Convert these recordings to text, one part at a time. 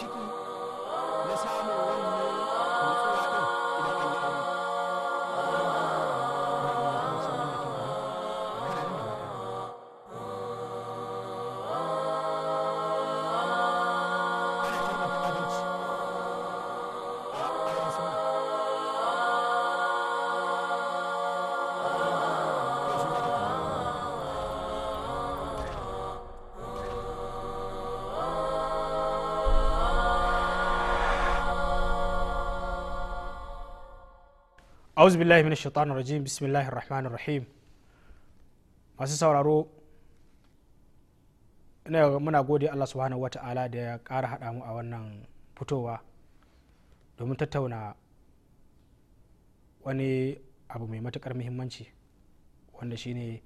마시고 auzu billahi min shaitanir rajim bismillahir rahmanir rahim masu sauraro muna gode Allah subhanahu wata'ala da ya kara hada mu a wannan fitowa domin tattauna wani abu mai matukar muhimmanci wanda shine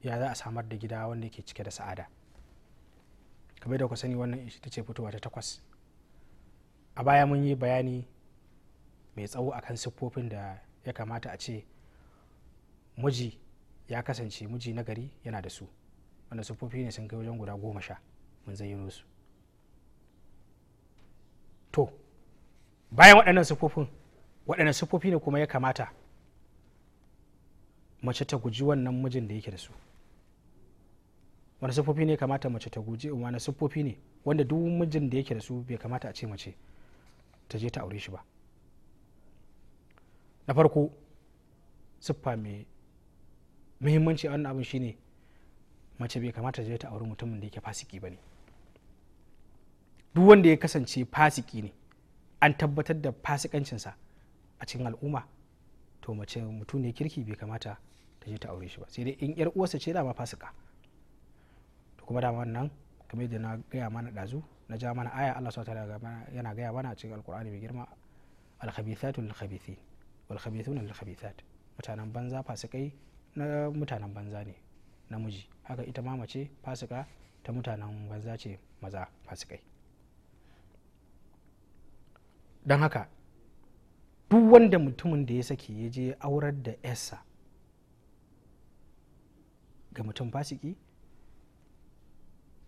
ya za a samar da gida wanda ke cike da sa'ada kamar da ku sani wannan ita ce fitowa ta takwas a baya mun yi bayani mai tsawo akan siffofin da ya kamata a ce miji ya kasance miji na gari yana da su wanda siffofi ne sun kai wajen guda goma sha mun zayyano su to bayan waɗannan siffofin waɗannan siffofi ne kuma ya kamata mace ta guji wannan mijin da yake da su wani siffofi ne kamata mace ta guji wani siffofi ne wanda duk mijin da yake da su bai kamata a ce mace ta je ta aure shi ba na farko siffa mai muhimmanci a wannan abin shine mace bai kamata ta ta auri mutumin da yake fasiki ba ne duk wanda ya kasance fasiki ne an tabbatar da fasikancinsa a cikin al'umma to mace mutum ne kirki bai kamata ta je ta aure shi ba sai dai in yar uwarsa ce dama fasika to kuma dama wannan kamar da na gaya mana dazu na ja mana aya Allah subhanahu wa ta'ala yana gaya mana a cikin alkur'ani mai girma al-khabithatu lil-khabithin wal khabithuna lil khabithat mutanen banza fasikai na mutanen banza ne namiji haka ita ma mace fasika ta mutanen banza ce maza fasikai don haka duk wanda mutumin da ya saki ya je aurar da yasa ga mutum fasiki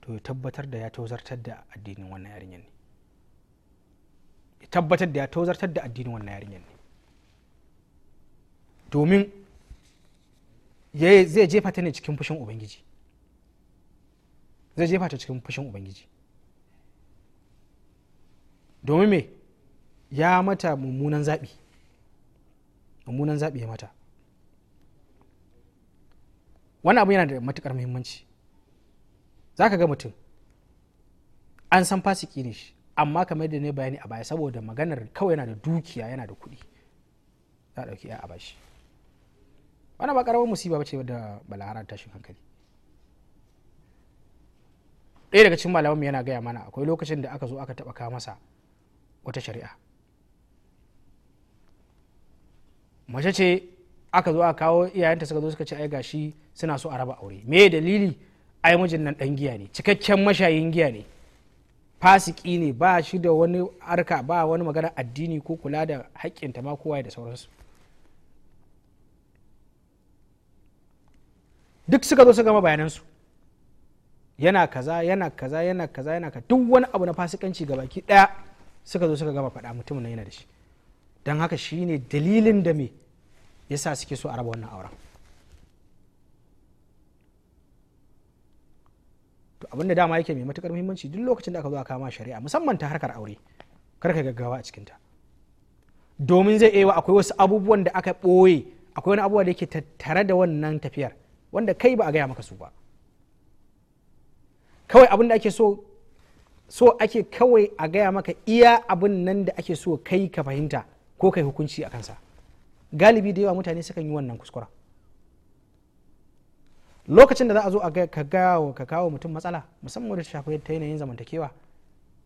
to ya tabbatar da ya tozartar da addinin wannan yarinyar ne ya tabbatar da ya tozartar da addinin wannan yarinyar ne domin zai jefa ta ne cikin fushin ubangiji zai jefa ta cikin fushin ubangiji domin me ya mata mummunan zaɓi mummunan zaɓi ya mata wani abu yana da matukar muhimmanci za ka ga mutum an san fasiki ne shi amma kamar da ne bayani a baya saboda maganar kawai yana da dukiya yana da kuɗi za a ɗauki ya a bashi wannan ba karamar musiba ba ce da balahara tashin hankali ɗaya daga cikin malamanmu yana gaya mana akwai lokacin da aka zo aka taɓa masa wata shari'a mace ce aka zo aka kawo iyayenta suka zo suka ce ai gashi suna so a raba aure me dalili ai mijin nan dan giya ne cikakken mashayin giya ne fasiki ne ba shi da wani arka ba wani magana addini ko kula da haƙƙinta ma kowa da sauransu duk suka zo su gama bayanansu yana kaza yana kaza yana kaza yana ka duk wani abu na fasikanci ga baki daya suka zo suka gama faɗa mutumin na yana da shi don haka ne dalilin da me yasa suke so a raba wannan auren to abin da dama yake mai matukar muhimmanci duk lokacin da aka zo a kama shari'a musamman ta harkar aure kar ka gaggawa a cikinta domin zai iya akwai wasu abubuwan da aka ɓoye akwai wani abubuwa da yake tattare da wannan tafiyar wanda kai ba a gaya maka su ba kawai abin da ake so so ake kawai a gaya maka iya abin nan da ake so kai ka fahimta ko kai hukunci a kansa galibi da yawa mutane sukan yi wannan kuskura lokacin da za a zo a ka kawo mutum matsala musamman da shafi ta yanayin zamantakewa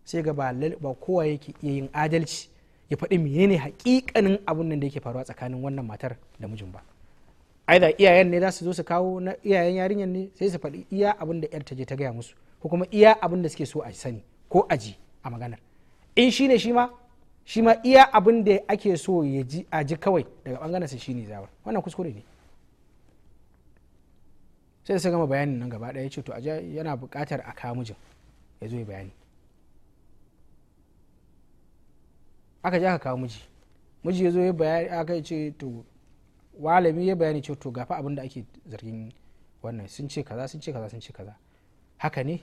sai ga ba kowa yake iya yin adalci ya faɗi menene hakikanin abin nan da yake faruwa tsakanin wannan matar da mijin ba aida iyayen ne za su zo su kawo na iyayen yarinyar ne sai su faɗi iya abin da 'yar ta je ta gaya musu ko kuma iya abin da suke so a sani ko a ji a maganar in shi ne shi ma shi ma iya abin da ake so ya ji a ji kawai daga bangaren shi shine zawar wannan kuskure ne sai sai gama bayanin nan gaba ɗaya ce to aja yana buƙatar a kawo mijin ya zo ya bayani aka ji aka kawo miji miji ya zo ya bayani aka ce to walami ya bayani cewa to gafa abin da ake zargin wannan sun ce kaza sun ce kaza sun ce kaza haka ne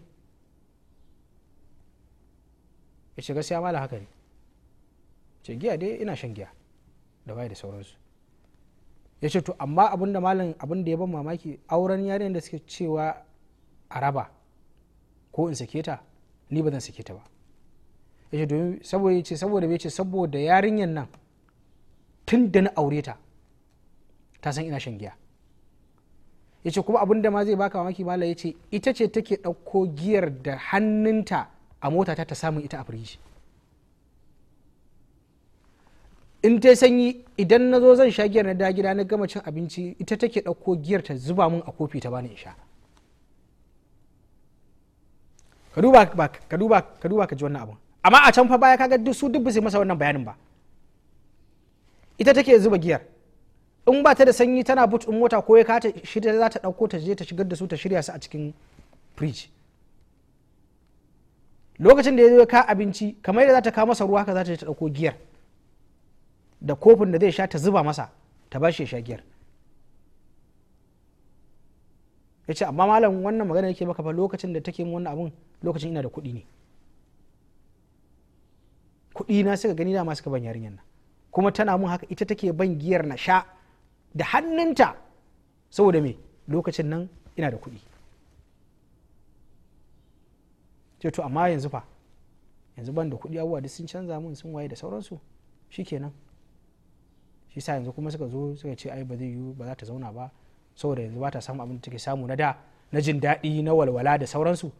ya shiga siya mala haka ne ce giya dai ina shan giya da waye da sauransu ya ce to amma abin da malam abin da ya ban mamaki auren yaren da suke cewa a raba ko in sake ta ni ba zan sake ta ba ya ce domin saboda ya ce saboda ya ce saboda yarinyan nan tun da na aure ta ta san ina shan giya ya ce kuma abin da ma zai baka mamaki mala ya ce ita ce take ɗauko giyar da hannunta a mota ta ta samun ita a firiji in ta sanyi idan na zo zan sha giyar na dagida na gama cin abinci ita take ɗauko giyar ta zuba mun a kofi ta bani in sha ka duba ka duba ka duba ka ji wannan abun amma a can fa baya kaga duk su duk su masa wannan bayanin ba ita take zuba giyar in ba ta da sanyi tana but in mota ko ya ka ta shirya za ta ɗauko ta je ta shigar da su ta shirya su a cikin firiji lokacin da ya zo ya ka abinci kamar yadda za ta kawo masa ruwa haka za ta je ta ɗauko giyar da kofin da zai sha ta zuba masa ta ba shi ya sha giyar ya ce amma malam wannan magana yake maka fa lokacin da take wannan abun lokacin ina da kuɗi ne kuɗi na suka gani dama suka ban yarinyar nan kuma tana mun haka ita take ban giyar na sha da hannunta saboda me lokacin nan ina da kuɗi to amma yanzu fa yanzu ban da kuɗi abubuwa duk sun canza mun sun waye da sauransu shikenan shi sa yanzu kuma suka zo suka ce ai ba zai yi ba za ta zauna ba saboda yanzu ba ta samu abin da take samu na da na jin daɗi na walwala da sauransu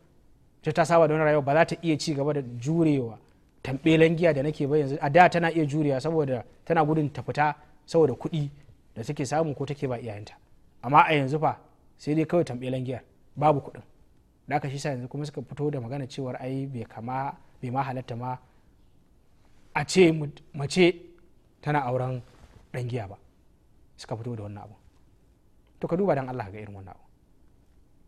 ta ta saba da wani rayuwa ba za ta iya ci gaba da jurewa tambelan giya da nake ba yanzu a da tana iya jurewa saboda tana gudun ta fita saboda kuɗi da suke samu ko take ba iyayenta amma a yanzu fa sai dai kawai tambayi giyar babu kuɗin da aka shi sa yanzu kuma suka fito da magana cewar ai bai kama bai ma halatta ma a ce mace tana auren ɗan giya ba suka fito da wannan abu to ka duba dan Allah ga irin wannan abu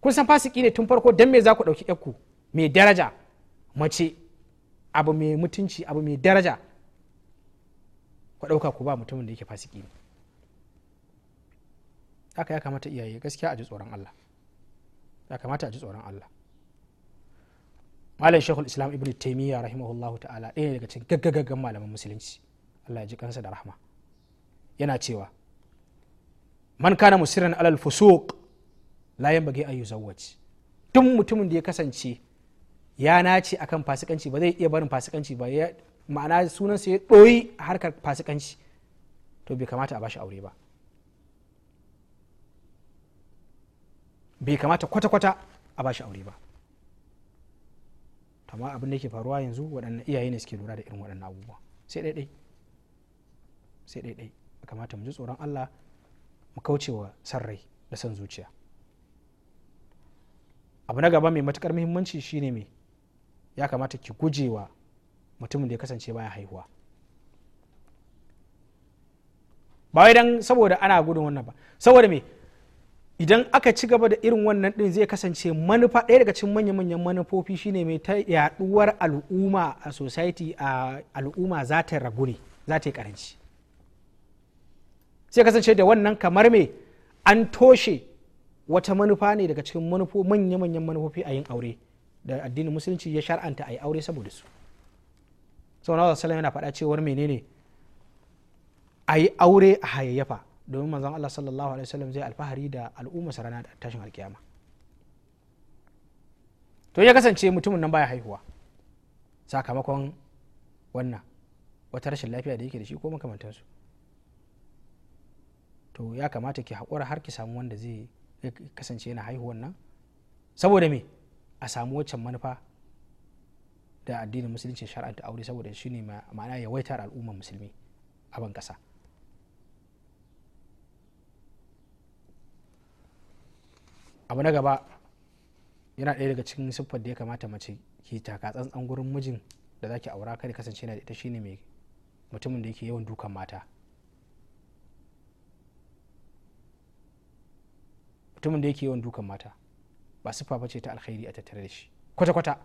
kun san fasiki ne tun farko dan me za ku ɗauki ku mai daraja mace abu mai mutunci abu mai daraja ku ɗauka ku ba mutumin da yake fasiki ne haka ya kamata iyaye gaskiya a ji tsoron Allah ya kamata a ji tsoron Allah malam shekul islam ibn taimiyya rahimahullahu ta'ala ɗaya daga cikin gaggagaggan malaman musulunci Allah ya ji kansa da rahma yana cewa man kana musirin alal fusuq la yanbaghi an yuzawwaj duk mutumin da ya kasance ya nace akan fasikanci ba zai iya barin fasikanci ba ma'ana sunansa ya ɗoyi harkar fasikanci to bai kamata a bashi aure ba bai kamata kwata-kwata a bashi aure ba amma abin da yake faruwa yanzu waɗannan iyaye ne suke lura da irin waɗannan abubuwa sai ɗaiɗai sai ɗaiɗai ya kamata mu ji tsoron allah mu kaucewa san rai da san zuciya abu na gaba mai matukar muhimmanci shine mai ya kamata ki gujewa mutumin da ya kasance baya haihuwa ba wai don saboda ana gudun wannan ba saboda me idan aka ci gaba da irin wannan din zai kasance manufa ɗaya daga cikin manya-manyan manufofi shine mai ta yaduwar al'umma a society a al'umma za ta ragu ne za ta yi karanci sai kasance da wannan kamar me an toshe wata manufa ne daga cikin manufo manya-manyan manufofi a yin aure da addinin musulunci ya shar'anta a yi aure saboda su sau na wasu yana faɗa cewar menene a yi aure a hayayyafa domin manzon Allah sallallahu alaihi wasallam zai alfahari da al'umma sarana da tashin alkiyama to ya kasance mutumin nan baya haihuwa sakamakon wannan wata rashin lafiya da yake da shi ko makamantansu to ya kamata ki haƙura har ki samu wanda zai kasance yana haihuwan nan saboda me a samu waccan manufa da addinin musulunci shar'anta aure saboda shi ne ma'ana yawaitar al'ummar musulmi a ban kasa abu na gaba yana ɗaya daga cikin siffar da ya kamata mace ke taka tsantsan gurin mijin da zaki aura kada kasance na ita shine mai mutumin da yake yawan dukan mata mutumin da yake yawan dukan mata ba siffa bace ta alkhairi a tattare da shi kwata-kwata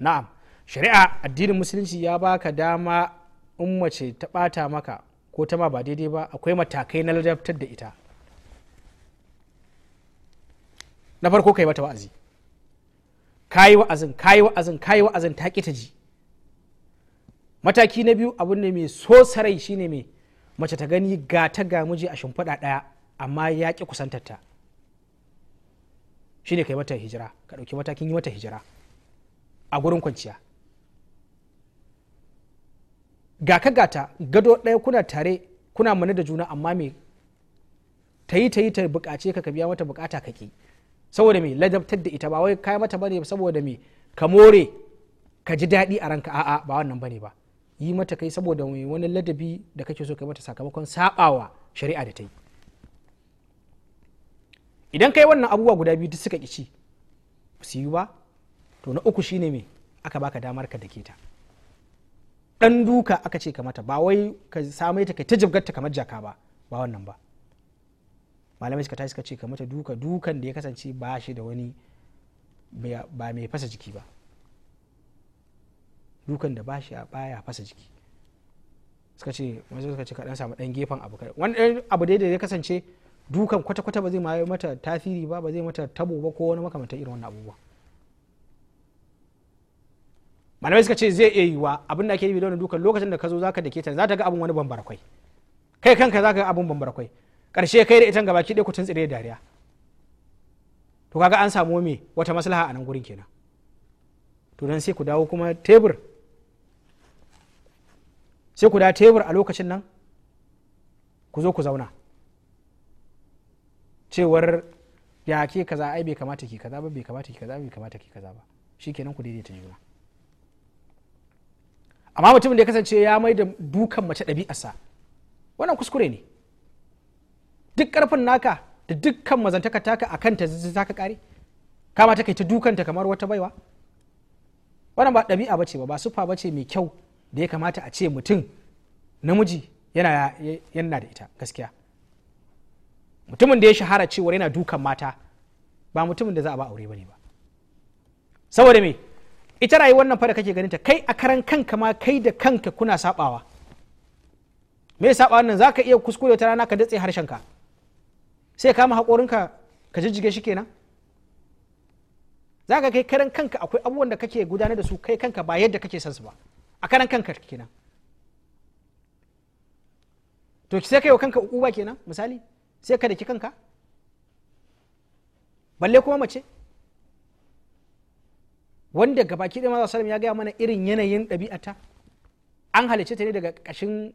na'am shari'a addinin musulunci ya baka dama in mace ta bata maka ko ta ma ba daidai ba akwai matakai na ladabtar da ita na farko ka yi mata wa'azi ka yi wa'azin ka yi wa'azin ka yi wa'azin ta ki ta ji mataki na biyu abun ne mai so sarai shine mai mace ta gani ga ta ga miji a shimfiɗa ɗaya amma ya ki kusantar ta shine kai mata hijira ka ɗauki matakin yi mata hijira a gurin kwanciya ga ka gata gado ɗaya kuna tare kuna mana da juna amma mai ta yi ta yi ta buƙace ka ka biya mata bukata ka ki saboda me ladabtar da ita ba wai kai mata bane saboda me ka more ka ji daɗi a ranka a'a ba wannan bane ba yi mata kai saboda wani ladabi da kake so kai mata sakamakon sabawa shari'a da ta yi idan kai wannan abubuwa guda biyu duk suka kici su yi ba to na uku shine me aka baka damar ka dake ta dan duka aka ce ka mata ba wai ka same ta kai ta jibgarta kamar jaka ba ba wannan ba malamai suka tashi suka ce ka mata duka dukan da ya kasance ba shi da wani ba mai fasa jiki ba dukan da ba shi a baya fasa jiki suka ce mazo suka ce kaɗan samu ɗan gefen abu kai wani ɗan abu da ya kasance dukan kwata-kwata ba zai ma mata tasiri ba ba zai mata tabo ba ko wani makamantar irin wannan abubuwa malamai suka ce zai iya yiwa abin da ake yi da wani dukan lokacin da ka zo zaka dake ta za ta ga abin wani bambarakwai kai kanka za ka ga abin bambarakwai karshe kai da itan gabaki ɗaya ku tsire dariya to kaga an samu me wata maslaha a nan gurin kenan to dan sai ku dawo kuma tebur sai ku dawo tebur a lokacin nan ku zo ku zauna cewar ya ke kaza ai bai kamata ki kaza ba bai kamata ki kaza bai kamata ki kaza ba shikenan ku daidaita juna amma mutumin da ya kasance ya mai da dukan mace ɗabi'arsa wannan kuskure ne duk karfin naka da dukkan mazantaka taka a kanta za ka kare kama ta kai ta dukanta kamar wata baiwa wannan ba ɗabi'a bace ba ba sufa bace mai kyau da ya kamata a ce mutum namiji yana yana da ita gaskiya mutumin da ya shahara cewar yana dukan mata ba mutumin da za a ba aure bane ba saboda me ita rayuwar nan fa da kake ganin ta kai a karan kanka ma kai da kanka kuna sabawa me sabawa nan zaka iya kuskure ta rana ka datse harshen ka sai kama haƙorinka ka jijjige shi kenan za ka kai karan kanka akwai abubuwan da kake gudanar da su kai kanka ba yadda kake san su ba a karan kanka kenan to sai kai wa kanka uba kenan misali sai ka daki kanka balle kuma mace wanda gabaki da maza salam ya gaya mana irin yanayin ɗabi'ata an halicce ta ne daga ƙashin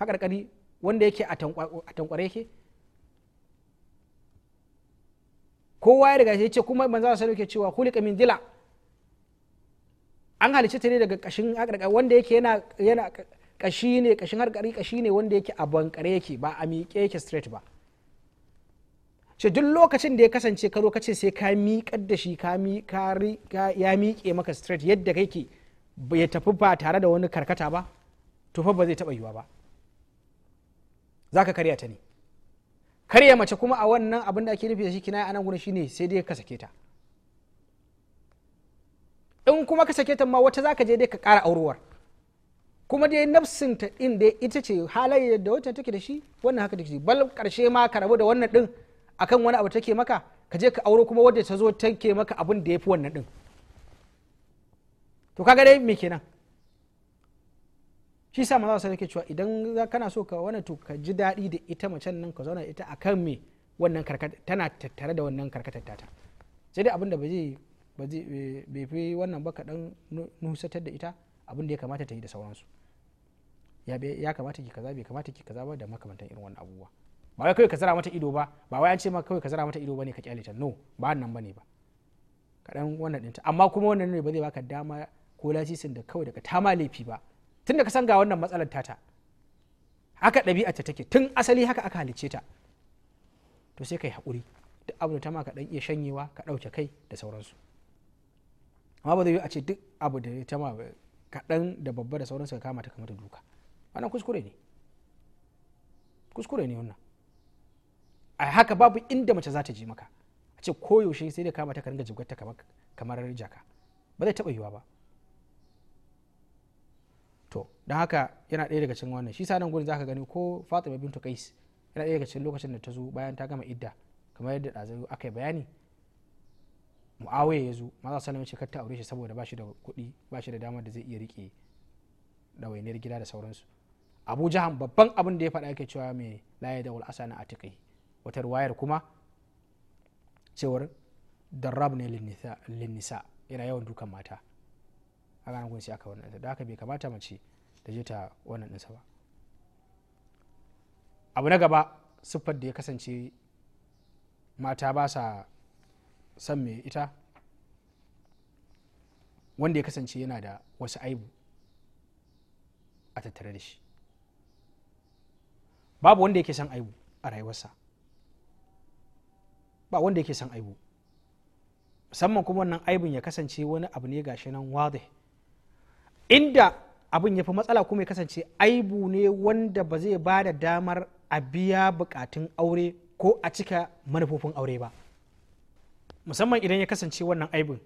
haƙarƙari wanda yake a tankware yake kowa ya riga ya ce kuma manzo sallallahu alaihi cewa khuliqa min dila an halice ta ne daga kashin akarka wanda yake yana yana kashi ne kashin harkari kashi ne wanda yake a bankare yake ba a miƙe yake straight ba ce duk lokacin da ya kasance ka zo ka ce sai ka miƙar da shi ka ya miƙe maka straight yadda kake ya tafi ba tare da wani karkata ba to fa ba zai taba yiwa ba zaka ka karya ta ne karya mace kuma a wannan abin da ake nufi da shi kinaya anan gurin shine sai dai ka sake ta in kuma ka sake ta ma wata zaka je dai ka kara aurowar kuma dai nafsin ta din dai ita ce halayyar da wata take da shi wannan haka take bal karshe ma ka rabu da wannan din akan wani abu take maka ka je ka auro kuma wadda ta zo take maka abin da yafi wannan din to kaga dai me kenan shi sa maza sai nake cewa idan kana so ka wani to ka ji daɗi da ita macen nan ka zauna ita akan me wannan karkata tana tattare da wannan karkatar tata sai dai abin da ba zai bai fi wannan ba kaɗan nusatar da ita abin da ya kamata ta yi da sauransu ya kamata ki kaza bai kamata ki kaza ba da makamantan irin wannan abubuwa ba wai kawai ka zara mata ido ba ba wai an ce ma kawai ka zara mata ido bane ka kyale ta no ba nan bane ba kaɗan wannan ɗinta amma kuma wannan ne ba zai baka dama ko lasisin da kawai daga tama laifi ba tunda ka san ga wannan matsalar tata haka ta take tun asali haka aka halicce ta to sai yi haƙuri duk abu da ta ma ka ɗan iya shanyewa ka ɗauke kai da sauransu amma ba zai yi a ce duk abu da ta ma kaɗan da babba da sauransu ka kama ta kamar duka wannan kuskure ne kuskure ne wannan a haka babu inda mace za ta je maka a ce koyaushe sai da kama ta ka ringa jibgarta kamar jaka ba zai taɓa yiwa ba to don haka yana ɗaya daga cikin wannan shi sa nan gurin zaka gani ko fatima bintu qais yana ɗaya daga cikin lokacin da ta zo bayan ta gama idda kamar yadda ɗazu aka yi bayani mu'awiya ya zo maza sallama ce kar ta aure shi saboda ba shi da kuɗi ba shi da damar da zai iya riƙe ɗawainiyar gida da sauransu abu jahan babban abin da ya faɗa yake cewa mai laye da wal'asa na atiƙai wata ruwayar kuma cewar darrab ne linnisa yana yawan dukan mata a ganin kun aka wannan da haka bai kamata mace da je ta wannan ɗinsa ba abu na gaba siffar da ya kasance mata ba sa son mai ita wanda ya kasance yana da wasu aibu a tattare da shi babu wanda yake son aibu a rayuwarsa ba wanda yake son aibu musamman kuma wannan aibun ya kasance wani abu ne gashi nan wadai inda abin ya fi matsala kuma ya kasance aibu ne wanda ba zai ba da damar a biya bukatun aure ko a cika manufofin aure ba musamman idan ya kasance wannan aibin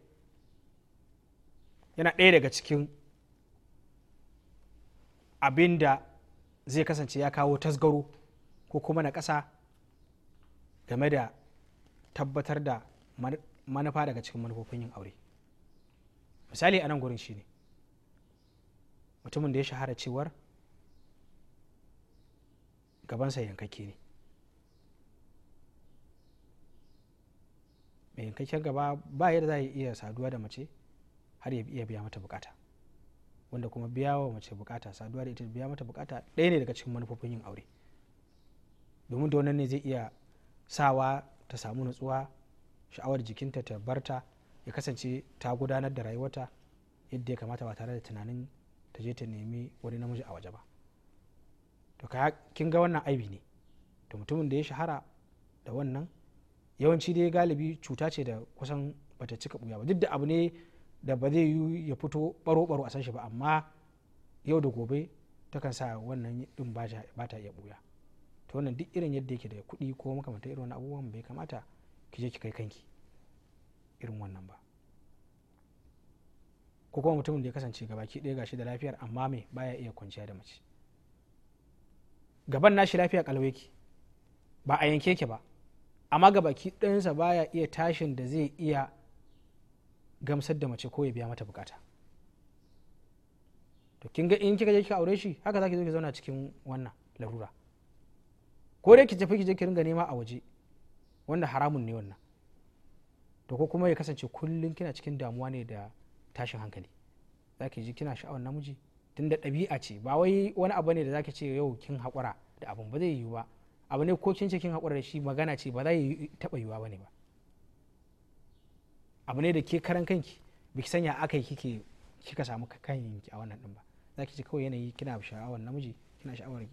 yana ɗaya daga cikin abin da zai kasance ya kawo tasgaro ko kuma na ƙasa game da tabbatar da manufa daga cikin manufofin yin aure misali a nan gurin shine mutumin da ya shahara cewar gabansa yankake ne mai yankakken gaba ba yadda za iya saduwa da mace har ya iya biya mata bukata wanda kuma biya wa mace bukata saduwa da ita biya mata bukata ɗaya ne daga cikin manufofin yin aure domin da wannan ne zai iya sawa ta samu nutsuwa sha'awar jikinta ta barta ya kasance ta gudanar da rayuwarta yadda ya kamata ba tare da tunanin ta je ta nemi wani namiji a waje ba to ka kin ga wannan aibi ne to mutumin da ya shahara da wannan yawanci dai galibi cuta ce da kusan bata cika buya ba duk da abu ne da ba zai yi ya fito baro-baro a san shi ba amma yau da gobe takan sa wannan din ba ta iya buya to wannan duk irin yadda yake da kuɗi ko makamantar irin wani abubuwan bai kamata ki je ki kai kanki irin wannan ba ko kuma mutumin da ya kasance gabaki ɗaya gashi da lafiyar amma mai baya iya kwanciya da mace gaban nashi lafiya kalwe ki ba a yanke ki ba amma gabaki ɗayansa baya iya tashin da zai iya gamsar da mace ko ya biya mata bukata to kin ga in kika je kika aure shi haka zaki zo ki zauna cikin wannan larura ko dai ki tafi ki je ki ringa nema a waje wanda haramun ne wannan to ko kuma ya kasance kullum kina cikin damuwa ne da tashin hankali zaki ji kina sha'awar namiji tun da ɗabi'a ce ba wai wani abu ne da zaki ce yau kin haƙura da abun ba zai yiwu ba abu ne ko kin ce kin haƙura da shi magana ce ba za yi taɓa yiwuwa ba ne ba abu ne da ke karan kanki biki sanya aka yi kike kika samu kanki a wannan ɗin ba zaki ji kawai yanayi kina sha'awar namiji kina sha'awar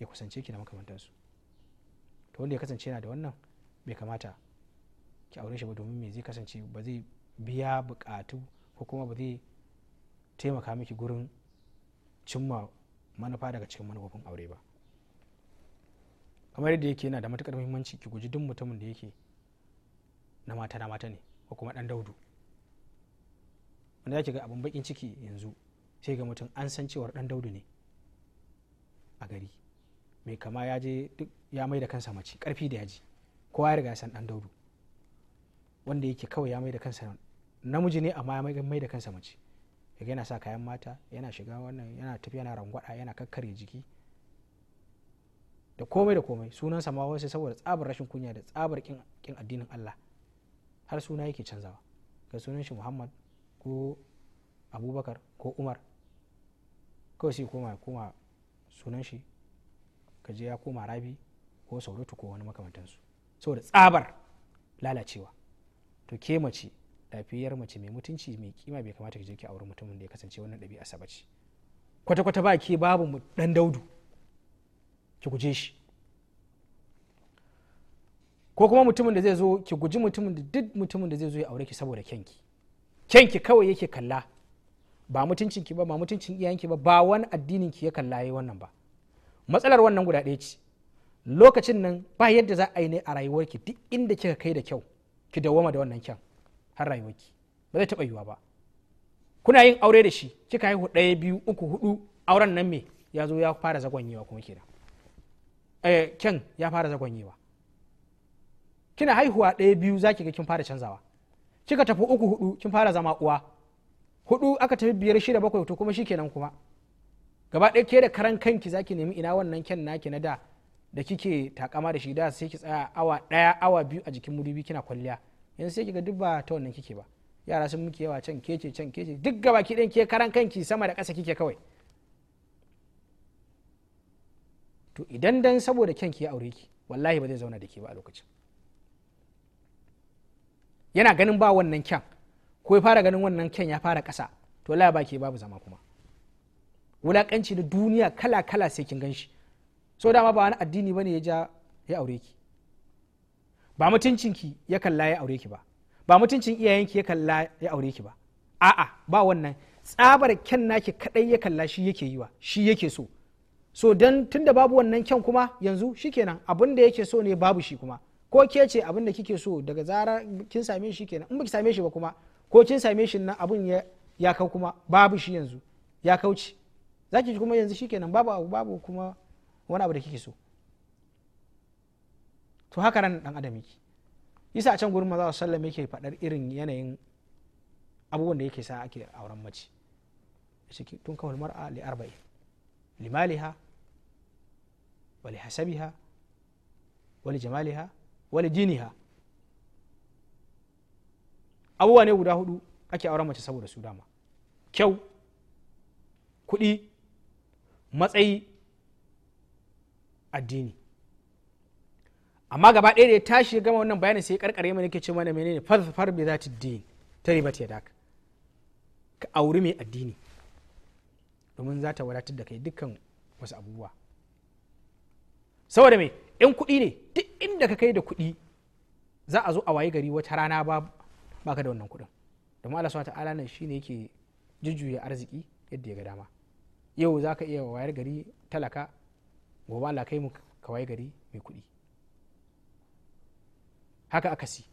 ya kusance ki da makamantansu to wanda ya kasance yana da wannan bai kamata ki aure shi ba domin me zai kasance ba zai biya buƙatu ko kuma ba zai taimaka miki gurin cimma manufa daga cikin manufofin aure ba kamar yadda yake yana da matukar muhimmanci ki guji duk mutumin da yake na mata na mata ne ko kuma dan daudu wanda zaki ga abin bakin ciki yanzu sai ga mutum an san cewar dan daudu ne a gari mai kama ya je ya mai da kansa mace karfi da yaji kowa ya riga san dan daudu wanda yake kawai ya mai da kansa namiji ne amma ya mai da kansa mace yaga yana sa kayan mata yana shiga wannan yana tafi yana rangwada yana kakkare jiki da komai da komai sunansa ma wasu saboda tsabar rashin kunya da tsabar kin addinin Allah har suna yake canzawa ga sunan shi Muhammad ko Abubakar ko Umar kawai sai koma koma sunan shi kaje ya koma Rabi ko Sauratu ko wani makamantansu saboda tsabar lalacewa to ke mace lafiyar mace mai mutunci mai kima bai kamata ki je ki auri mutumin da ya kasance wannan ɗabi'a sa bace kwata kwata ba ke babu mu dan daudu ki guje shi ko kuma mutumin da zai zo ki guji mutumin da duk mutumin da zai zo ya aure ki saboda kyanki kyanki kawai yake kalla ba mutuncin ki ba ba mutuncin ki ba ba wani addinin ki ya kalla yayi wannan ba matsalar wannan guda ɗaya ce lokacin nan ba yadda za a yi ne a rayuwarki duk inda kika kai da kyau ki dawwama da wannan kyan har rayuwarki ba zai taɓa yiwa ba kuna yin aure da shi kika haihu ɗaya biyu uku hudu auren nan me ya zo ya fara zagwanyewa kuma kenan eh ken ya fara zagwanyewa kina haihuwa ɗaya biyu zaki ga kin fara canzawa kika tafi uku hudu kin fara zama uwa hudu aka tafi biyar shida bakwai to kuma shikenan kuma gaba ɗaya ke da karan kanki zaki nemi ina wannan ken naki na da da kike takama da shi da sai ki tsaya awa ɗaya awa biyu a jikin mudubi kina kwalliya yanzu sai kiga duk ba ta wannan kike ba yara sun muke yawa can kece can kece duk gaba ki ke karan kanki sama da ƙasa kike kawai to idan dan saboda kyan ya aure ki wallahi ba zai zauna da ke ba a lokacin yana ganin ba wannan kyan ko ya fara ganin wannan kyan ya fara ƙasa to la ba ke babu zama kuma wulaƙanci da duniya kala kala sai kin gan shi so dama ba wani addini bane ya ja ya aure ki ba ki ya kalla ya aure ki ba ba mutuncin iyayenki ya kalla ya aure ki ba a'a ba wannan tsabar kyan naki kadai ya kalla shi yake yi wa shi yake so so dan tunda babu wannan kyan kuma yanzu shikenan abin da yake so ne babu shi kuma ko ke ce abin da kike so daga zarar kin same shi kenan in baki same shi ba kuma ko kin same shi nan abin ya ya kau kuma babu shi yanzu ya kauce zaki kuma yanzu shikenan babu babu kuma wani abu da kike so to haka ran dan adam yake yasa a can gurin maza sallam yake faɗar irin yanayin abubuwan da yake sa ake auren mace shi tun kawal mar'a li arba'in limaliha wa li hasabiha wa li jamaliha wa li diniha abubuwa ne guda hudu ake auren mace saboda su dama kyau kuɗi matsayi addini amma gaba ɗaya da ya tashi gama wannan bayanin sai ya karkare mana yake ce mana menene farfar bi za ta din ta riba ta daka ka auri mai addini domin za ta wadatar da kai dukkan wasu abubuwa saboda mai in kuɗi ne duk inda ka kai da kuɗi za a zo a wayi gari wata rana ba baka da wannan kuɗin domin Allah subhanahu ta'ala nan shine yake jujjuya arziki yadda ya ga dama yau za ka iya wayar gari talaka gobe Allah kai mu ka wayi gari mai kuɗi haka akasi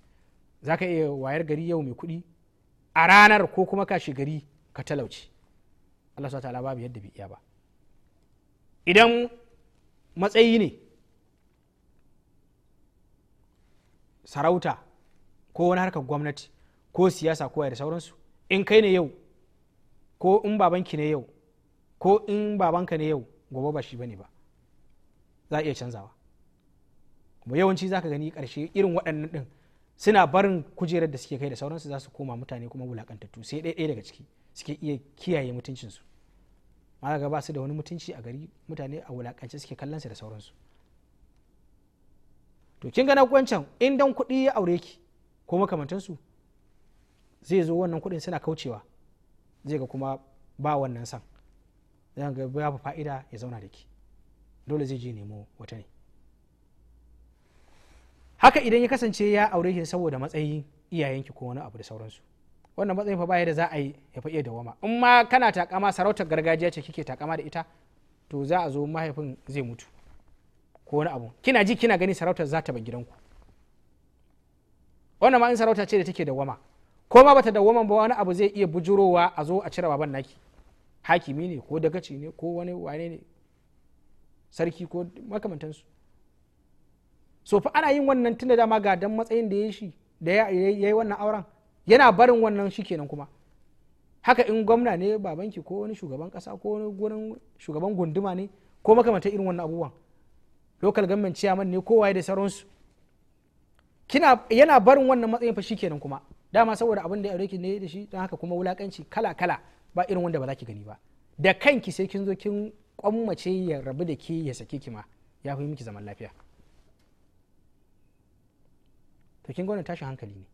za ka iya wayar gari yau mai kuɗi a ranar ko kuma kashe gari ka talauci allah swt babu yadda bai iya ba idan matsayi ne sarauta ko wani harkar gwamnati ko siyasa ko da sauransu in kai ne yau ko in babanki ne yau ko in babanka ne yau gobe ba shi bane ba za a iya canzawa mu yawanci zaka gani karshe irin waɗannan din suna barin kujerar da suke kai da sauransu za su koma mutane kuma wulakantattu sai ɗaya daga ciki suke iya kiyaye mutuncinsu ma ga ba su da wani mutunci a gari mutane a wulakance suke kallon su da sauransu to kin ga na in dan kuɗi ya aure ki ko makamantansu zai zo wannan kuɗin suna kaucewa zai ga kuma ba wannan san zai ga ba fa'ida ya zauna da ki dole zai je nemo wata ne haka idan ya kasance ya aure shi saboda matsayi iyayenki ko wani abu da sauransu wannan matsayin fa baya da za a yi ya fa iya dawama in ma kana takama sarautar gargajiya ce kike takama da ita to za a zo mahaifin zai mutu ko wani abu kina ji kina gani sarautar za ta ba gidanku wannan ma in sarauta ce da take dawama ko ma bata dawama ba wani abu zai iya bujurowa a zo a cire baban naki hakimi ne ko dagaci ne ko wani wane ne sarki ko makamantansu so fa ana yin wannan tunda dama ga dan matsayin da ya shi da ya yi wannan auren yana barin wannan shi kuma haka in gwamna ne babanki ko wani shugaban kasa ko wani gurin shugaban gunduma ne ko makamantar irin wannan abubuwan local government chairman ne kowa da sauransu kina yana barin wannan matsayin fa shikenan kuma dama saboda abin da ya aureki ne da shi don haka kuma wulakanci kala kala ba irin wanda ba za ki gani ba da kanki sai kin zo kin kwammace ya rabu da ke ya sake ki ma ya fi miki zaman lafiya to kin tashin hankali ne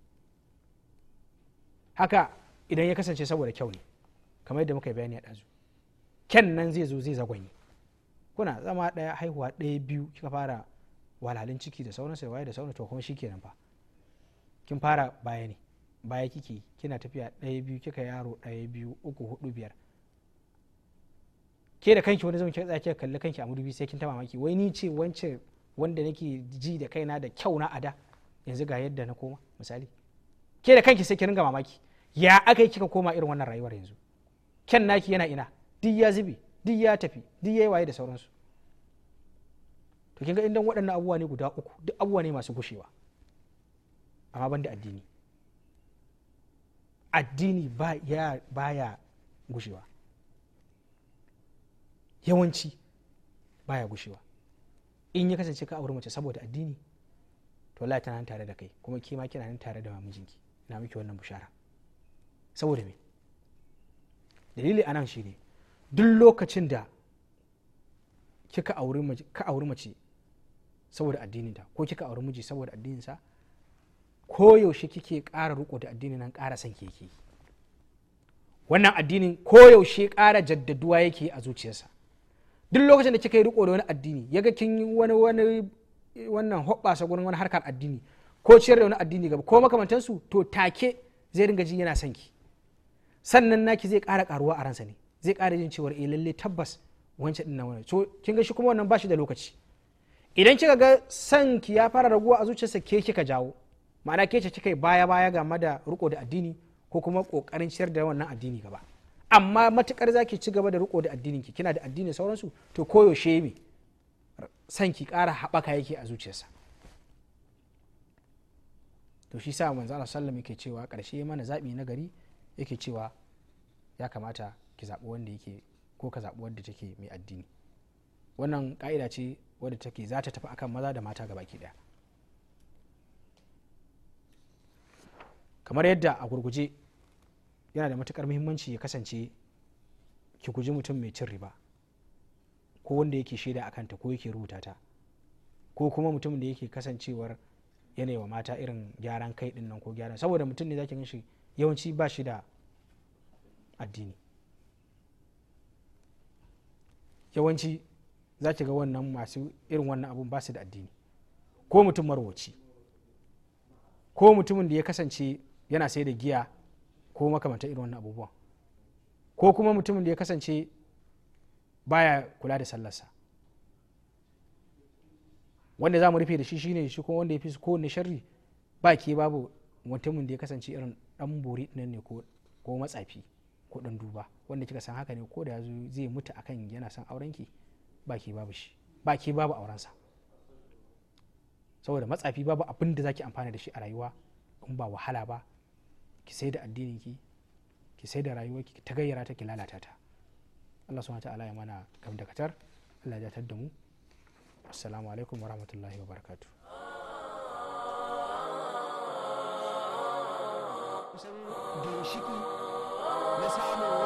haka idan ya kasance saboda kyau ne kamar yadda muka yi bayani a ɗazu kyan nan zai zo zai zagwanye kuna zama ɗaya haihuwa ɗaya biyu kika fara walhalin ciki da sauran sai waye da sauran to kuma shikenan fa kin fara baya ne baya kike kina tafiya ɗaya biyu kika yaro ɗaya biyu uku hudu biyar ke da kanki wani zama ki tsaya kika kalli kanki a mudubi sai kin ta mamaki wai ni ce wancan wanda nake ji da kaina da kyau na ada yanzu ga yadda na koma misali ke da kanki sai ki ringa mamaki ya aka yi kika koma irin wannan rayuwar yanzu kyan naki yana ina duk ya zubi duk ya tafi duk yi waye da sauransu to kin ga indan waɗannan abubuwa ne guda uku duk abubuwa ne masu gushewa amma ban da addini addini baya gushewa yawanci baya gushewa in ya kasance ka auri mace saboda addini to Allah tana nan tare da kai kuma ke ma kina nan tare da mijinki ina miki wannan bushara saboda me dalili anan shine duk lokacin da kika auri mace ka auri mace saboda addininta ko kika auri miji saboda addininsa ko yaushe kike ƙara riko da addinin nan ƙara son keke wannan addinin ko yaushe ƙara jaddaduwa yake a zuciyarsa duk lokacin da kika yi riko da wani addini yaga kin wani wani wannan hoɓɓasa gurin wani harkar addini ko ciyar da wani addini gaba ko makamantansu to take zai ringa ji yana son ki sannan naki zai kara karuwa a ransa ne zai kara jin cewar eh lalle tabbas wancan din wani to kin ga shi kuma wannan bashi da lokaci idan kika ga son ki ya fara raguwa a zuciyarsa ke kika jawo ma'ana ke ce kika yi baya baya game da riko da addini ko kuma kokarin ciyar da wannan addini gaba amma matukar zaki ci gaba da riko da addinin ki kina da addini sauransu to koyaushe me San ki ƙara haɓaka yake a zuciyarsa to shi sa manzo Allah sallam yake cewa ƙarshe mana zaɓi na gari yake cewa ya kamata ki zaɓi wanda yake ko ka zaɓi wanda take mai addini wannan ƙa'ida ce wadda take za ta tafi akan maza da mata gaba ki ɗaya kamar yadda a gurguje yana da matukar muhimmanci ya kasance ki guji mutum mai cin riba ko wanda yake shaida a kanta ko yake rubuta ta ko kuma mutumin da yake kasancewar yanayi wa mata irin gyaran kai din nan ko gyaran saboda mutum ne zaki shi yawanci ba shi da addini yawanci za ga wannan masu irin wannan abun ba su da addini ko mutum marwaci ko mutumin da ya kasance yana sai da giya ko makamanta irin wannan abubuwa ko kuma mutumin da ya kasance baya kula da sallarsa wanda za mu rufe da shi shine shi ko wanda ya fi ko kowane sharri ba ke babu mutumin da ya kasance irin dan bori nan ne ko matsafi ko dan duba wanda kika san haka ne ko da ya zai mutu akan yana son aurenki ba ke babu shi ba ke babu aurensa saboda matsafi babu abin da zaki amfana da shi a rayuwa in ba wahala ba ki sai da addinin ki sai da rayuwarki ki tagayyara ta ki lalata ta Allah subhanahu ta'ala ya mana gam da katar Allah ya da mu assalamu alaikum wa rahmatullahi wa barakatu kusan ginshiki na samun